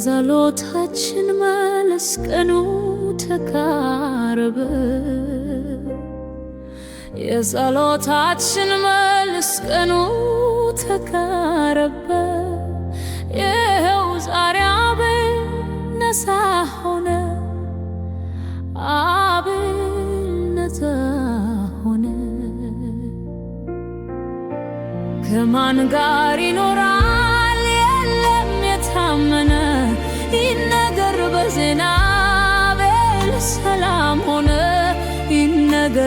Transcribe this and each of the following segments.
ለጸሎታችን መለስ ቀኑ ተቃረበ። የጸሎታችን መለስ ቀኑ ተቃረበ። ይኸው ዛሬ አቤል ሆነ፣ አቤል ሆነ። ከማን ጋር ይኖራል?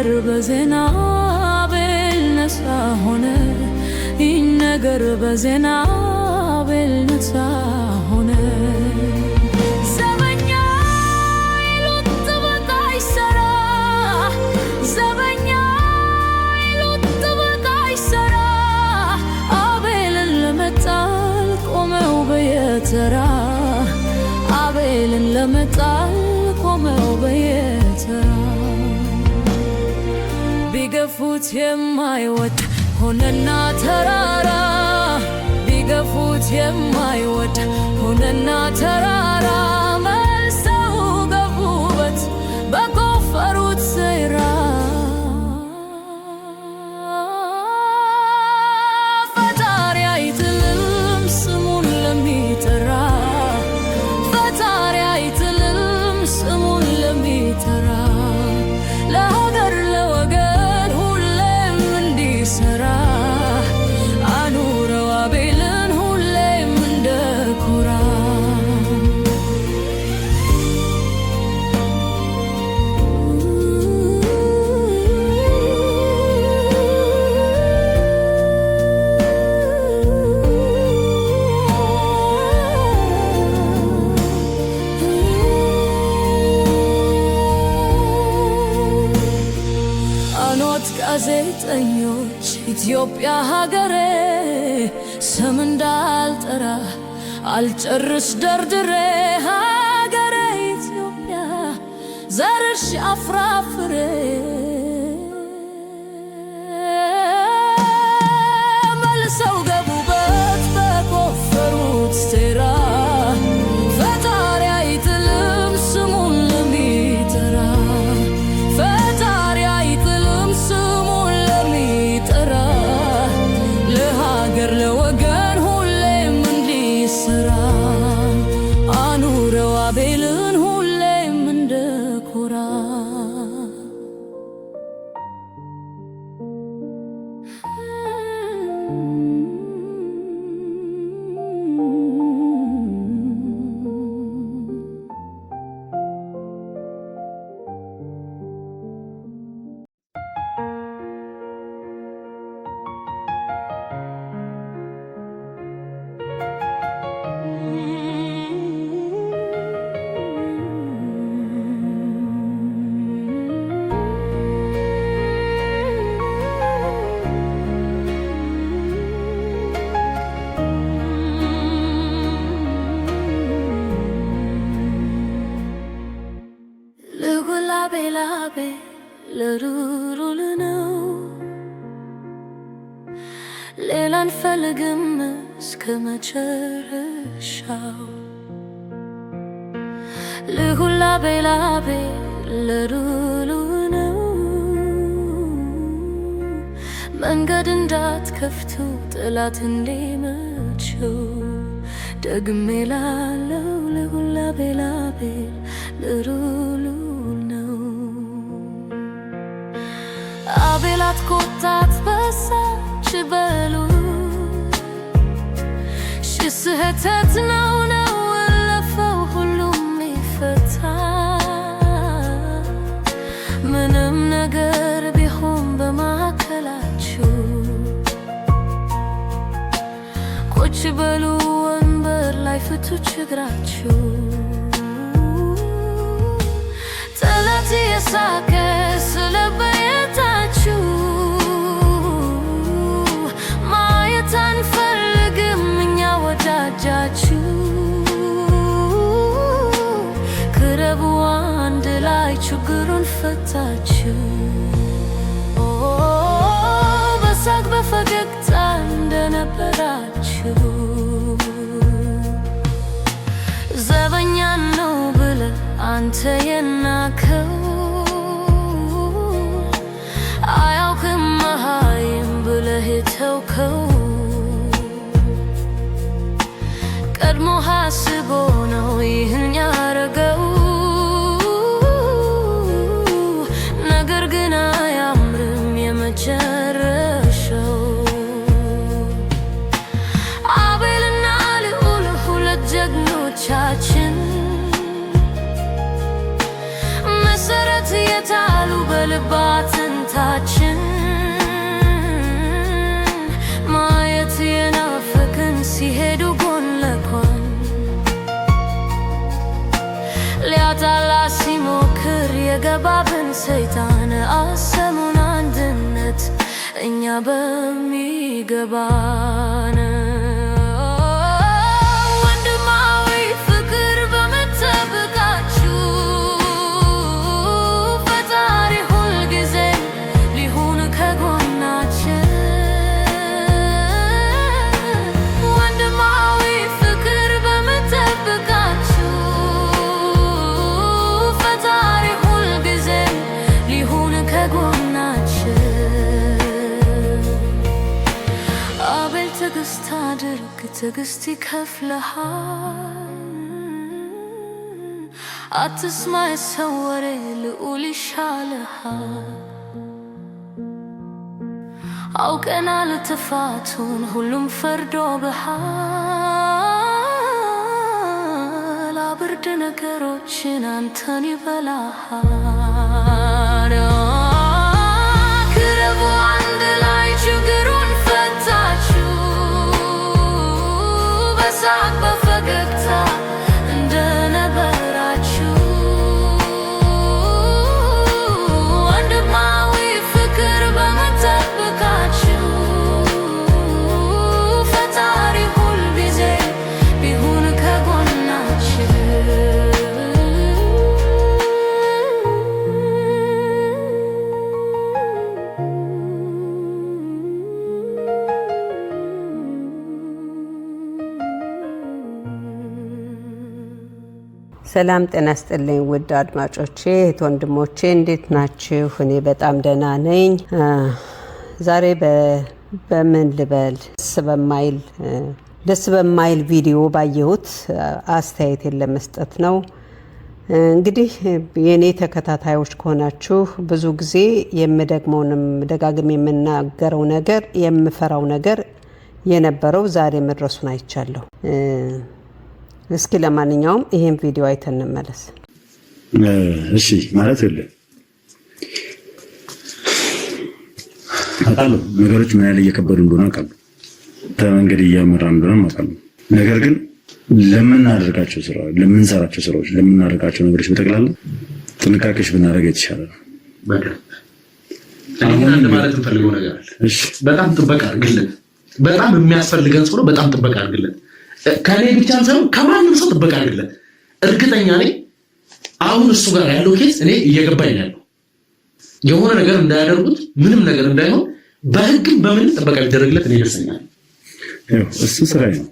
ነገር በዜና አቤል ነፃ ሆነ። ይህ ነገር በዜና አቤል የማይወድ ሆነና ተራራ ቢገፉት የማይወድ ሆነና ተራራ ኢትዮጵያ ሀገሬ ስም እንዳልጠራ አልጨርስ ደርድሬ ሀገሬ ኢትዮጵያ ዘርሽ አፍራፍሬ ለሩሩል ነው። ሌላ አንፈልግም እስከ መጨረሻው ልሁላ ቤላቤ ለሩሉ ነው። መንገድ እንዳትከፍቱ ጠላት እንዲመችው ደግሜ ላለው ለሁላ ቤላቤ ለሩሉ Wiele kotatበሳ ችበሉ ሺ ስህተት ነው ነው ያለፈው ሁሉም ይፈታ። ምንም ነገር ቢሆን በማዕከላችሁ ቁጭ በሉ ወንበር ላይ ፍቱ ችግራችሁ ጠላት የሳቀ አጣችው። በፈገግታ ዘበኛ ነው ብለ አንተ የናከው ቀድሞ ሀስቦ ነው ይህን የጣሉ በልባትንታችን ማየት የናፍክን ሲሄዱ ጎን ለጎን ሊያጣላ ሲሞክር የገባብን ሰይጣን አሰሙን አንድነት እኛ በሚገባን ትዕግስት ይከፍልሃል። አትስማ የሰው ወሬ፣ ልዑል ይሻልሃል። አውቀናል ትፋቱን ሁሉም ፈርዶብሃል። አብርድ ነገሮችን አንተን ይበላሃል። samba ሰላም ጤና ስጥልኝ ውድ አድማጮቼ እህት ወንድሞቼ እንዴት ናችሁ? እኔ በጣም ደህና ነኝ። ዛሬ በምን ልበል ደስ በማይል ደስ በማይል ቪዲዮ ባየሁት አስተያየቴን ለመስጠት ነው። እንግዲህ የእኔ ተከታታዮች ከሆናችሁ ብዙ ጊዜ የምደግመውንም ደጋግም የምናገረው ነገር የምፈራው ነገር የነበረው ዛሬ መድረሱን አይቻለሁ። እስኪ ለማንኛውም ይሄን ቪዲዮ አይተን እንመለስ። እሺ ማለት ለ አቃሉ ነገሮች ምን ያህል እየከበዱ እንደሆነ አቃሉ መንገድ እያመራ እንደሆነ አቃሉ ነገር ግን ለምናደርጋቸው ስራዎች፣ ለምንሰራቸው ስራዎች፣ ለምናደርጋቸው ነገሮች በጠቅላላ ጥንቃቄዎች ብናደርግ የተሻለ ነው። በጣም ጥበቃ አድርግልን። በጣም የሚያስፈልገን ሰው ነው። በጣም ጥበቃ አድርግልን። ከኔ ብቻ ሳይሆን ከማንም ሰው ጥበቃ አይደለም። እርግጠኛ ነኝ አሁን እሱ ጋር ያለው ኬስ እኔ እየገባኝ ያለው የሆነ ነገር እንዳያደርጉት ምንም ነገር እንዳይሆን በህግም በምን ጥበቃ ሊደረግለት እኔ ደሰኛል። እሱ ስራ ነው።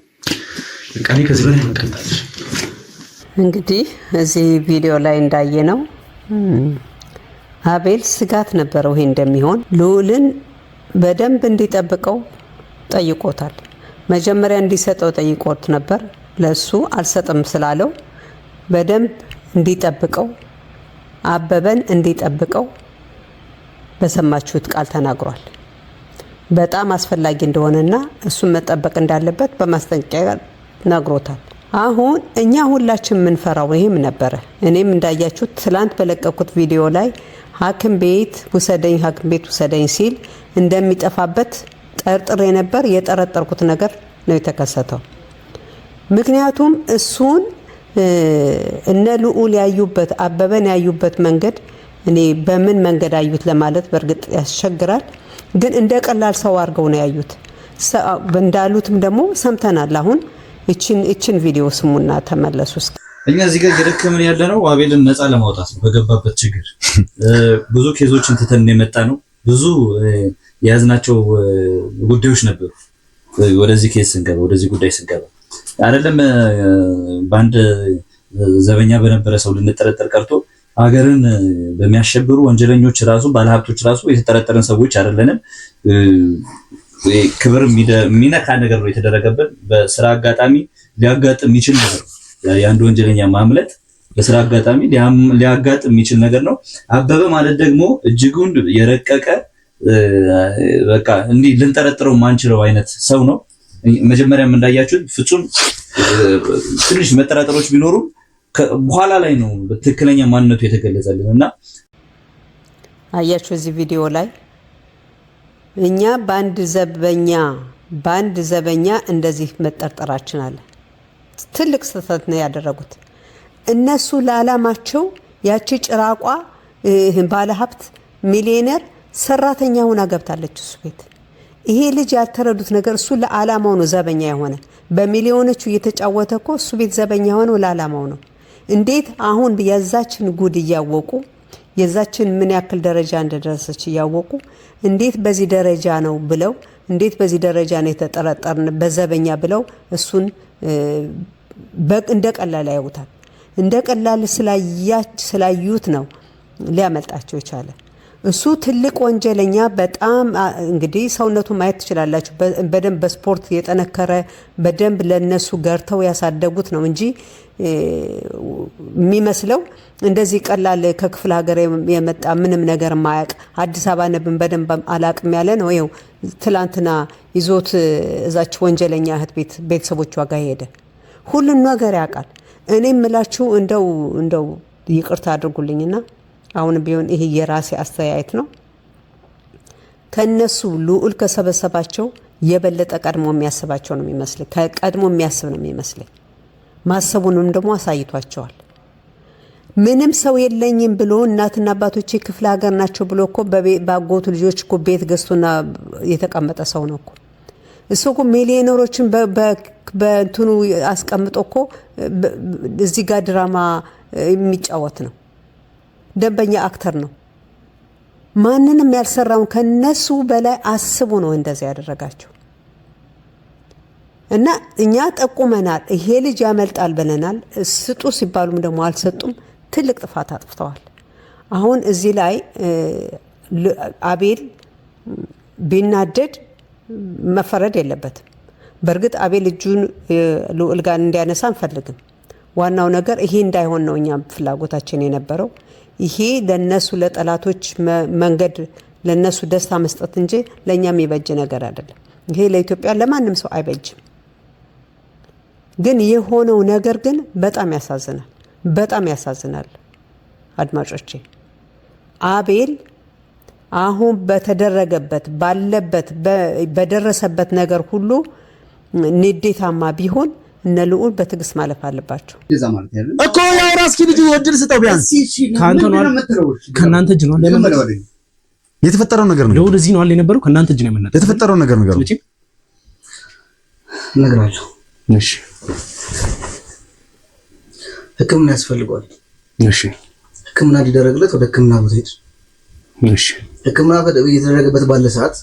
ቃኔ ከዚህ በላይ መቀጣል እንግዲህ እዚህ ቪዲዮ ላይ እንዳየ ነው አቤል ስጋት ነበረው ይሄ እንደሚሆን ልዑልን በደንብ እንዲጠብቀው ጠይቆታል። መጀመሪያ እንዲሰጠው ጠይቆት ነበር። ለሱ አልሰጥም ስላለው በደንብ እንዲጠብቀው አበበን እንዲጠብቀው በሰማችሁት ቃል ተናግሯል። በጣም አስፈላጊ እንደሆነና እሱን መጠበቅ እንዳለበት በማስጠንቀቂያ ነግሮታል። አሁን እኛ ሁላችን የምንፈራው ይህም ነበረ። እኔም እንዳያችሁት ትላንት በለቀኩት ቪዲዮ ላይ ሐኪም ቤት ውሰደኝ ሐኪም ቤት ውሰደኝ ሲል እንደሚጠፋበት ጠርጥሬ ነበር። የጠረጠርኩት ነገር ነው የተከሰተው። ምክንያቱም እሱን እነ ልዑል ያዩበት አበበን ያዩበት መንገድ እኔ በምን መንገድ አዩት ለማለት በእርግጥ ያስቸግራል። ግን እንደ ቀላል ሰው አድርገው ነው ያዩት። እንዳሉትም ደግሞ ሰምተናል። አሁን እችን ቪዲዮ ስሙና ተመለሱ። እኛ እዚህ ጋር የደከምን ያለ ነው አቤልን ነፃ ለማውጣት ነው። በገባበት ችግር ብዙ ኬዞችን ትተን የመጣ ነው ብዙ የያዝናቸው ጉዳዮች ነበሩ። ወደዚህ ኬስ ስንገባ ወደዚህ ጉዳይ ስንገባ አይደለም በአንድ ዘበኛ በነበረ ሰው ልንጠረጠር ቀርቶ ሀገርን በሚያሸብሩ ወንጀለኞች ራሱ ባለሀብቶች ራሱ የተጠረጠረን ሰዎች አይደለንም። ክብር የሚነካ ነገር ነው የተደረገብን። በስራ አጋጣሚ ሊያጋጥም ይችል ነበር የአንድ ወንጀለኛ ማምለጥ በስራ አጋጣሚ ሊያጋጥም የሚችል ነገር ነው። አበበ ማለት ደግሞ እጅጉን የረቀቀ በቃ እንዲህ ልንጠረጥረው ማንችለው አይነት ሰው ነው። መጀመሪያም እንዳያችሁት ፍጹም ትንሽ መጠራጠሮች ቢኖሩም በኋላ ላይ ነው ትክክለኛ ማንነቱ የተገለጸልን እና አያችሁ እዚህ ቪዲዮ ላይ እኛ በአንድ ዘበኛ በአንድ ዘበኛ እንደዚህ መጠርጠራችን አለ። ትልቅ ስህተት ነው ያደረጉት። እነሱ ለዓላማቸው ያቺ ጭራቋ ባለሀብት ሚሊዮነር ሰራተኛ ሆና ገብታለች እሱ ቤት። ይሄ ልጅ ያልተረዱት ነገር እሱ ለዓላማው ነው ዘበኛ የሆነ በሚሊዮኖቹ እየተጫወተ እኮ እሱ ቤት ዘበኛ የሆነው ለዓላማው ነው። እንዴት አሁን የዛችን ጉድ እያወቁ የዛችን ምን ያክል ደረጃ እንደደረሰች እያወቁ እንዴት በዚህ ደረጃ ነው ብለው እንዴት በዚህ ደረጃ ነው የተጠረጠርን በዘበኛ ብለው እሱን እንደ ቀላል ያዩታል። እንደ ቀላል ስላዩት ነው ሊያመልጣቸው የቻለ። እሱ ትልቅ ወንጀለኛ በጣም እንግዲህ ሰውነቱን ማየት ትችላላችሁ። በደንብ በስፖርት የጠነከረ በደንብ ለነሱ ገርተው ያሳደጉት ነው እንጂ የሚመስለው እንደዚህ ቀላል ከክፍለ ሀገር የመጣ ምንም ነገር ማያቅ አዲስ አበባ ነብን በደንብ አላቅም ያለ ነው። ይኸው ትላንትና ይዞት እዛች ወንጀለኛ እህት ቤት ቤተሰቦቿ ጋር ሄደ። ሁሉን ነገር ያውቃል። እኔ የምላችሁ እንደው እንደው ይቅርታ አድርጉልኝና አሁን ቢሆን ይሄ የራሴ አስተያየት ነው። ከነሱ ልዑል ከሰበሰባቸው የበለጠ ቀድሞ የሚያስባቸው ነው የሚመስለኝ። ከቀድሞ የሚያስብ ነው የሚመስለኝ። ማሰቡንም ደግሞ አሳይቷቸዋል። ምንም ሰው የለኝም ብሎ እናትና አባቶቼ ክፍለ ሀገር ናቸው ብሎ እኮ በአጎቱ ልጆች እኮ ቤት ገዝቶና የተቀመጠ ሰው ነው እኮ እሱ እኮ ሚሊዮነሮችን በእንትኑ አስቀምጦ እኮ እዚህ ጋር ድራማ የሚጫወት ነው። ደንበኛ አክተር ነው። ማንንም ያልሰራውን ከነሱ በላይ አስቡ ነው እንደዚህ ያደረጋቸው። እና እኛ ጠቁመናል፣ ይሄ ልጅ ያመልጣል ብለናል። ስጡ ሲባሉም ደግሞ አልሰጡም። ትልቅ ጥፋት አጥፍተዋል። አሁን እዚህ ላይ አቤል ቢናደድ መፈረድ የለበትም። በእርግጥ አቤል እጁን ልዑል ጋር እንዲያነሳ አንፈልግም። ዋናው ነገር ይሄ እንዳይሆን ነው እኛ ፍላጎታችን የነበረው። ይሄ ለነሱ ለጠላቶች መንገድ ለነሱ ደስታ መስጠት እንጂ ለእኛ የሚበጅ ነገር አይደለም። ይሄ ለኢትዮጵያ ለማንም ሰው አይበጅም። ግን የሆነው ነገር ግን በጣም ያሳዝናል፣ በጣም ያሳዝናል። አድማጮቼ አቤል አሁን በተደረገበት ባለበት በደረሰበት ነገር ሁሉ ንዴታማ ቢሆን እነ ልዑል በትዕግስት ማለፍ አለባቸው እኮ ያው ራስኪ ልጁ እድል ስጠው። ቢያንስ ከእናንተ እጅ ነው የተፈጠረው ነገር ነው። ልዑል እዚህ ነው አለ የነበረው ከእናንተ እጅ ነው የምናለው የተፈጠረው ነገር ነገር ነው እነግራለሁ። እሺ ሕክምና ያስፈልገዋል። እሺ ሕክምና ሊደረግለት ወደ ሕክምና ቦታ ሄድ ህክምና እየተደረገበት ባለ ሰዓት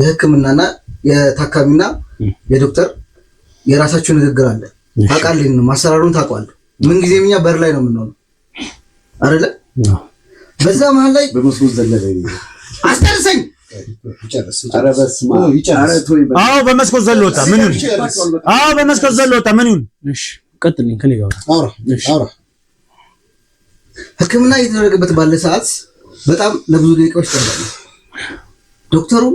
የህክምናና የታካሚና የዶክተር የራሳቸው ንግግር አለ። ታውቃለህ፣ ማሰራሩን ታውቃለህ። ምን ጊዜም እኛ በር ላይ ነው የምንሆነው አይደለ? በዛ መሀል ላይ በመስኮት ዘለለ አስጠርሰኝ። አዎ በመስኮት ዘሎ ወጣ። ምን ይሁን? አዎ በመስኮት ዘሎ ወጣ። ምን ይሁን? እሺ ቀጥልኝ። ከኔ ጋር አውራ አውራ። ህክምና እየተደረገበት ባለ ሰዓት በጣም ለብዙ ደቂቃዎች ጠርባለ። ዶክተሩም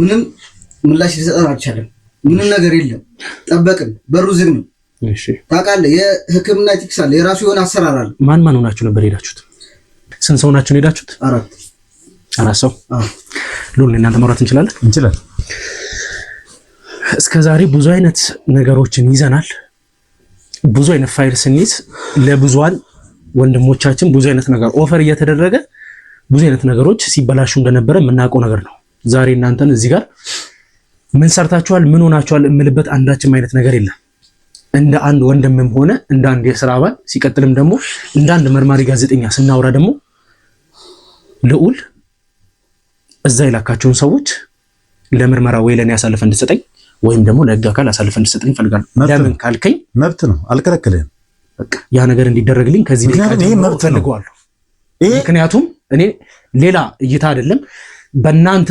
ምንም ምላሽ ሊሰጠን አልቻለም። ምንም ነገር የለም። ጠበቅን፣ በሩ ዝግ ነው። ታውቃለህ፣ የህክምና ኤቲክስ አለ፣ የራሱ የሆነ አሰራር አለ። ማን ማን ሆናችሁ ነበር ሄዳችሁት? ስንት ሰው ናችሁ ሄዳችሁት? አራት አራት ሰው ሉል። እናንተ ማውራት እንችላለን እንችላለን። እስከ ዛሬ ብዙ አይነት ነገሮችን ይዘናል። ብዙ አይነት ፋይል ስንይዝ ለብዙዋን ወንድሞቻችን ብዙ አይነት ነገር ኦፈር እየተደረገ ብዙ አይነት ነገሮች ሲበላሹ እንደነበረ የምናውቀው ነገር ነው። ዛሬ እናንተን እዚህ ጋር ምን ሰርታችኋል፣ ምን ሆናችኋል የምልበት አንዳችም አይነት ነገር የለም። እንደ አንድ ወንድምም ሆነ እንደ አንድ የስራ አባል ሲቀጥልም ደግሞ እንደ አንድ መርማሪ ጋዜጠኛ ስናወራ ደግሞ ልዑል እዛ የላካቸውን ሰዎች ለምርመራ ወይ ለእኔ አሳልፈ እንድሰጠኝ ወይም ደግሞ ለህግ አካል አሳልፈ እንድሰጠኝ እፈልጋለሁ። ለምን ካልከኝ መብት ነው፣ አልከለክልህም ያ ነገር እንዲደረግልኝ ከዚህ ፈልገዋለሁ። ምክንያቱም እኔ ሌላ እይታ አይደለም በእናንተ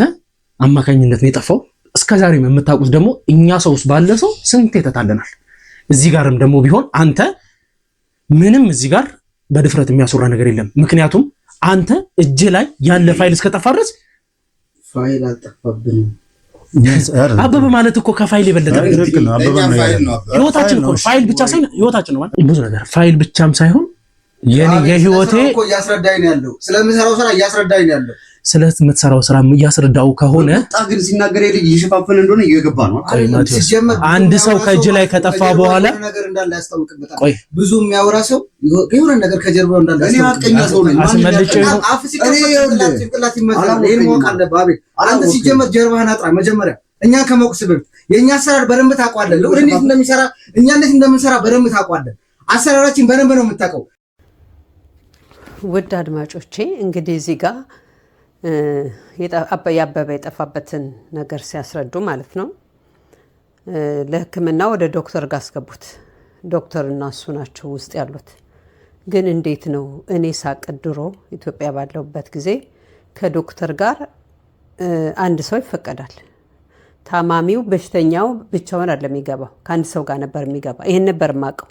አማካኝነት ነው የጠፋው። እስከዛሬም የምታውቁት ደግሞ እኛ ሰው ውስጥ ባለ ሰው ስንት የተታለናል። እዚህ ጋርም ደግሞ ቢሆን አንተ ምንም እዚህ ጋር በድፍረት የሚያስወራ ነገር የለም። ምክንያቱም አንተ እጅ ላይ ያለ ፋይል እስከጠፋ ድረስ ፋይል አልጠፋብንም። አበበ ማለት እኮ ከፋይል የበለጠ ህይወታችን እኮ ፋይል ብቻ ሳይሆን ህይወታችን ነው ብዙ ነገር ፋይል ብቻም ሳይሆን የኔ የህይወቴ እያስረዳኝ ነው ያለው ስለምሰራው ስራ እያስረዳኝ ነው ያለው ስለ የምትሰራው ስራ እያስረዳው ከሆነ ግን ሲናገር ልጅ እየሸፋፈን እንደሆነ እየገባ ነው። አንድ ሰው ከእጅ ላይ ከጠፋ በኋላ ነገር እንዳለ ያስታውቅበታል። ብዙ የሚያወራ ሰው የሆነ ነገር ከጀርባው እንዳለ አንተ ሲጀመር ጀርባህን አጥራ መጀመሪያ እኛን ከመቁስ ብብ የእኛ አሰራር በደንብ ታውቋለህ። ልዑል እንዴት እንደሚሰራ እኛ እንዴት እንደምንሰራ በደንብ ታውቋለህ። አሰራራችን በደንብ ነው የምታውቀው። ውድ አድማጮቼ እንግዲህ እዚህ ጋር ያበበ የጠፋበትን ነገር ሲያስረዱ ማለት ነው። ለሕክምና ወደ ዶክተር ጋር አስገቡት። ዶክተር እና እሱ ናቸው ውስጥ ያሉት። ግን እንዴት ነው እኔ ሳቅ ድሮ ኢትዮጵያ ባለሁበት ጊዜ ከዶክተር ጋር አንድ ሰው ይፈቀዳል። ታማሚው በሽተኛው ብቻውን አለ የሚገባው፣ ከአንድ ሰው ጋር ነበር የሚገባ። ይህን ነበር የማውቀው።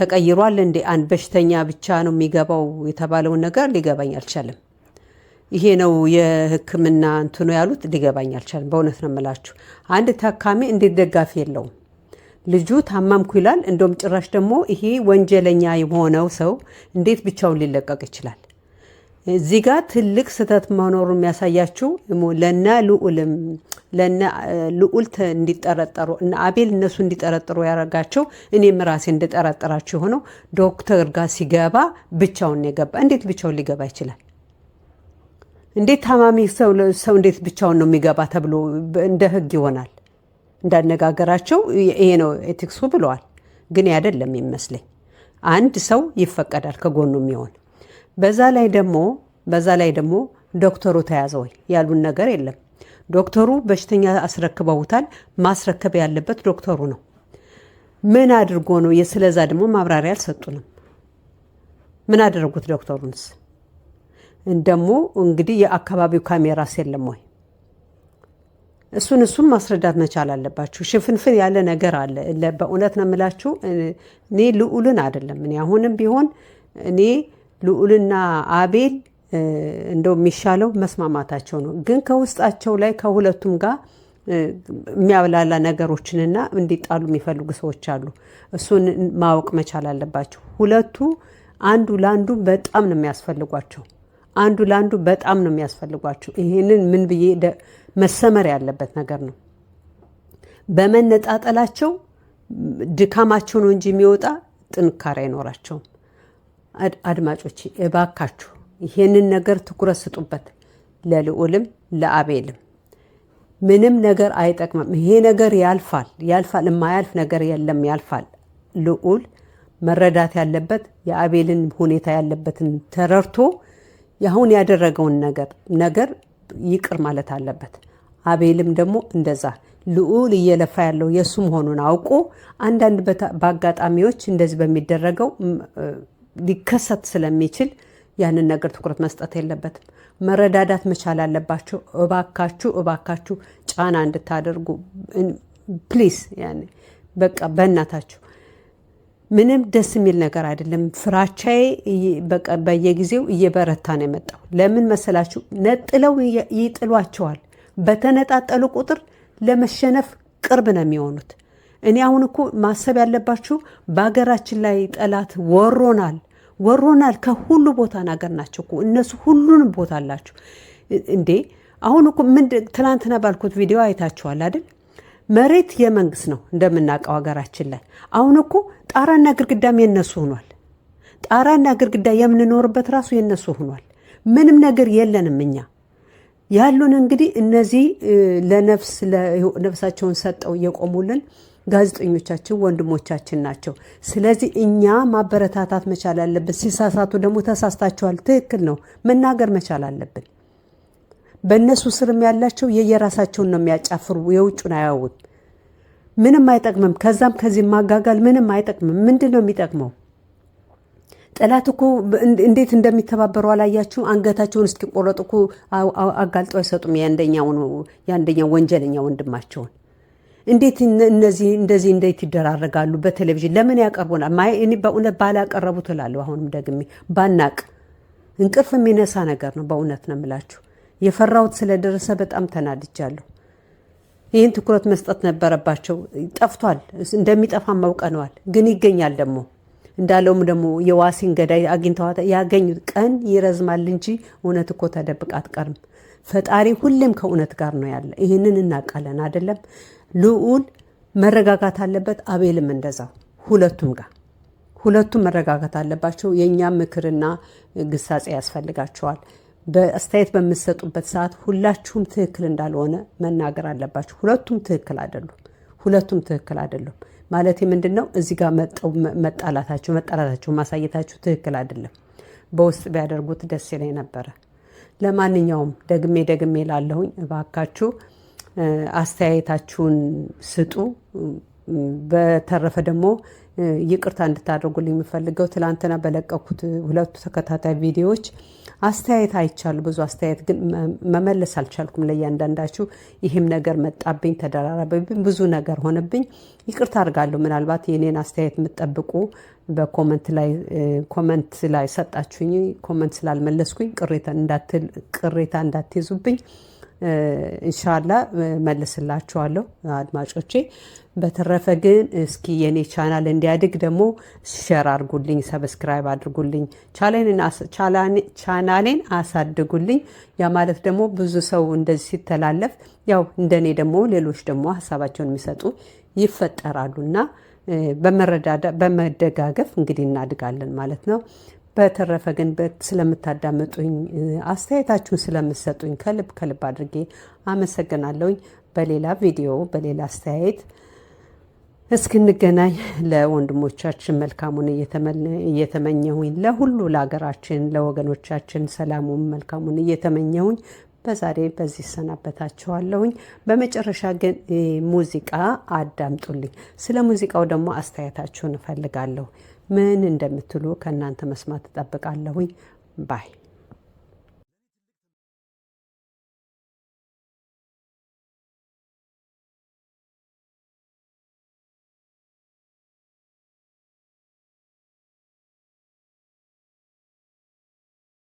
ተቀይሯል እንዴ? አንድ በሽተኛ ብቻ ነው የሚገባው የተባለውን ነገር ሊገባኝ አልቻለም። ይሄ ነው የህክምና እንትኑ ያሉት ሊገባኝ አልቻለም። በእውነት ነው የምላችሁ። አንድ ታካሚ እንዴት ደጋፊ የለውም? ልጁ ታማምኩ ይላል። እንደውም ጭራሽ ደግሞ ይሄ ወንጀለኛ የሆነው ሰው እንዴት ብቻውን ሊለቀቅ ይችላል? እዚህ ጋር ትልቅ ስህተት መኖሩ የሚያሳያችው ለነ ልዑልም ለነ እንዲጠረጠሩ አቤል እነሱ እንዲጠረጥሩ ያደረጋቸው እኔም ራሴ እንደጠረጠራቸው የሆነው ዶክተር ጋር ሲገባ ብቻውን የገባ እንዴት ብቻውን ሊገባ ይችላል? እንዴት ታማሚ ሰው እንዴት ብቻውን ነው የሚገባ ተብሎ እንደ ህግ ይሆናል። እንዳነጋገራቸው ይሄ ነው ኤቲክሱ ብለዋል። ግን አይደለም ይመስለኝ አንድ ሰው ይፈቀዳል ከጎኑ የሚሆን በዛ ላይ ደግሞ በዛ ላይ ደግሞ ዶክተሩ ተያዘ ወይ ያሉን ነገር የለም። ዶክተሩ በሽተኛ አስረክበውታል። ማስረከብ ያለበት ዶክተሩ ነው። ምን አድርጎ ነው? ስለዛ ደግሞ ማብራሪያ አልሰጡንም። ምን አደረጉት ዶክተሩንስ? ደግሞ እንግዲህ የአካባቢው ካሜራስ የለም ወይ? እሱን እሱን ማስረዳት መቻል አለባችሁ። ሽፍንፍን ያለ ነገር አለ። በእውነት ነው የምላችሁ። እኔ ልዑልን አይደለም እኔ አሁንም ቢሆን እኔ ልዑልና አቤል እንደው የሚሻለው መስማማታቸው ነው። ግን ከውስጣቸው ላይ ከሁለቱም ጋር የሚያብላላ ነገሮችንና እንዲጣሉ የሚፈልጉ ሰዎች አሉ። እሱን ማወቅ መቻል አለባቸው። ሁለቱ አንዱ ለአንዱ በጣም ነው የሚያስፈልጓቸው። አንዱ ለአንዱ በጣም ነው የሚያስፈልጓችሁ። ይህንን ምን ብዬ መሰመር ያለበት ነገር ነው። በመነጣጠላቸው ድካማቸው ነው እንጂ የሚወጣ ጥንካሬ አይኖራቸውም። አድማጮች እባካችሁ ይህንን ነገር ትኩረት ስጡበት፣ ለልዑልም ለአቤልም ምንም ነገር አይጠቅምም። ይሄ ነገር ያልፋል ያልፋል፣ የማያልፍ ነገር የለም ያልፋል። ልዑል መረዳት ያለበት የአቤልን ሁኔታ ያለበትን ተረድቶ ያሁን ያደረገውን ነገር ነገር ይቅር ማለት አለበት። አቤልም ደግሞ እንደዛ ልዑል እየለፋ ያለው የእሱ መሆኑን አውቆ አንዳንድ በአጋጣሚዎች እንደዚህ በሚደረገው ሊከሰት ስለሚችል ያንን ነገር ትኩረት መስጠት የለበትም። መረዳዳት መቻል አለባቸው። እባካችሁ እባካችሁ ጫና እንድታደርጉ ፕሊስ፣ በቃ በእናታችሁ ምንም ደስ የሚል ነገር አይደለም። ፍራቻዬ በየጊዜው እየበረታ ነው የመጣው። ለምን መሰላችሁ? ነጥለው ይጥሏቸዋል። በተነጣጠሉ ቁጥር ለመሸነፍ ቅርብ ነው የሚሆኑት። እኔ አሁን እኮ ማሰብ ያለባችሁ በሀገራችን ላይ ጠላት ወሮናል፣ ወሮናል። ከሁሉ ቦታ ናገር ናቸው እኮ እነሱ። ሁሉንም ቦታ አላችሁ እንዴ! አሁን እኮ ምን ትናንትና ባልኩት ቪዲዮ አይታችኋል አይደል? መሬት የመንግስት ነው እንደምናውቀው ሀገራችን ላይ አሁን እኮ ጣራና ግድግዳም የነሱ ሆኗል። ጣራና ግድግዳ የምንኖርበት ራሱ የነሱ ሆኗል። ምንም ነገር የለንም እኛ ያሉን እንግዲህ እነዚህ ለነፍስ ነፍሳቸውን ሰጠው እየቆሙልን ጋዜጠኞቻችን ወንድሞቻችን ናቸው። ስለዚህ እኛ ማበረታታት መቻል አለብን። ሲሳሳቱ ደግሞ ተሳስታችኋል፣ ትክክል ነው መናገር መቻል አለብን። በእነሱ ስርም ያላቸው የየራሳቸውን ነው የሚያጫፍሩ፣ የውጩን አያዩት። ምንም አይጠቅምም። ከዛም ከዚህ ማጋጋል ምንም አይጠቅምም። ምንድን ነው የሚጠቅመው? ጠላት እኮ እንዴት እንደሚተባበሩ አላያችሁ? አንገታቸውን እስኪቆረጥ እኮ አጋልጦ አይሰጡም። የአንደኛው ወንጀለኛ ወንድማቸውን እንዴት እነዚህ እንደዚህ እንዴት ይደራረጋሉ? በቴሌቪዥን ለምን ያቀርቡናል? እኔ በእውነት ባላቀረቡት እላለሁ። አሁንም ደግሜ ባናቅ እንቅልፍ የሚነሳ ነገር ነው። በእውነት ነው የምላችሁ። የፈራሁት ስለደረሰ በጣም ተናድጃለሁ። ይህን ትኩረት መስጠት ነበረባቸው። ጠፍቷል፣ እንደሚጠፋም አውቀነዋል። ግን ይገኛል ደግሞ እንዳለውም ደግሞ የዋሲን ገዳይ አግኝተዋ ያገኙት ቀን ይረዝማል እንጂ እውነት እኮ ተደብቅ አትቀርም። ፈጣሪ ሁሌም ከእውነት ጋር ነው ያለ። ይህንን እናውቃለን አይደለም? ልዑል መረጋጋት አለበት፣ አቤልም እንደዛ። ሁለቱም ጋር ሁለቱም መረጋጋት አለባቸው። የእኛ ምክርና ግሳጼ ያስፈልጋቸዋል። በአስተያየት በምትሰጡበት ሰዓት ሁላችሁም ትክክል እንዳልሆነ መናገር አለባችሁ። ሁለቱም ትክክል አይደሉም። ሁለቱም ትክክል አይደሉም ማለት ምንድን ነው? እዚህ ጋር መጣላታችሁ መጣላታችሁ ማሳየታችሁ ትክክል አይደለም። በውስጥ ቢያደርጉት ደስ ይለኝ ነበረ። ለማንኛውም ደግሜ ደግሜ ላለሁኝ እባካችሁ አስተያየታችሁን ስጡ። በተረፈ ደግሞ ይቅርታ እንድታደርጉልኝ የምፈልገው ትላንትና በለቀኩት ሁለቱ ተከታታይ ቪዲዮዎች አስተያየት አይቻሉ። ብዙ አስተያየት ግን መመለስ አልቻልኩም ለእያንዳንዳችሁ። ይህም ነገር መጣብኝ፣ ተደራራበብኝ፣ ብዙ ነገር ሆነብኝ። ይቅርታ አድርጋለሁ። ምናልባት የኔን አስተያየት የምትጠብቁ በኮመንት ላይ ኮመንት ላይ ሰጣችሁኝ ኮመንት ስላልመለስኩኝ ቅሬታ እንዳትይዙብኝ እንሻላ መልስላችኋለሁ አድማጮቼ። በተረፈ ግን እስኪ የኔ ቻናል እንዲያድግ ደግሞ ሸር አድርጉልኝ፣ ሰብስክራይብ አድርጉልኝ፣ ቻናሌን አሳድጉልኝ። ያ ማለት ደግሞ ብዙ ሰው እንደዚህ ሲተላለፍ ያው እንደኔ ደግሞ ሌሎች ደግሞ ሀሳባቸውን የሚሰጡ ይፈጠራሉና በመረዳዳ በመደጋገፍ እንግዲህ እናድጋለን ማለት ነው። በተረፈ ግን ስለምታዳምጡኝ፣ አስተያየታችሁን ስለምሰጡኝ ከልብ ከልብ አድርጌ አመሰግናለሁኝ። በሌላ ቪዲዮ በሌላ አስተያየት እስክንገናኝ ለወንድሞቻችን መልካሙን እየተመኘሁኝ ለሁሉ ለሀገራችን ለወገኖቻችን ሰላሙን መልካሙን እየተመኘሁኝ በዛሬ በዚህ ሰናበታችኋለሁኝ። በመጨረሻ ግን ሙዚቃ አዳምጡልኝ። ስለ ሙዚቃው ደግሞ አስተያየታችሁን እፈልጋለሁ። ምን እንደምትሉ ከእናንተ መስማት እጠብቃለሁኝ ባይ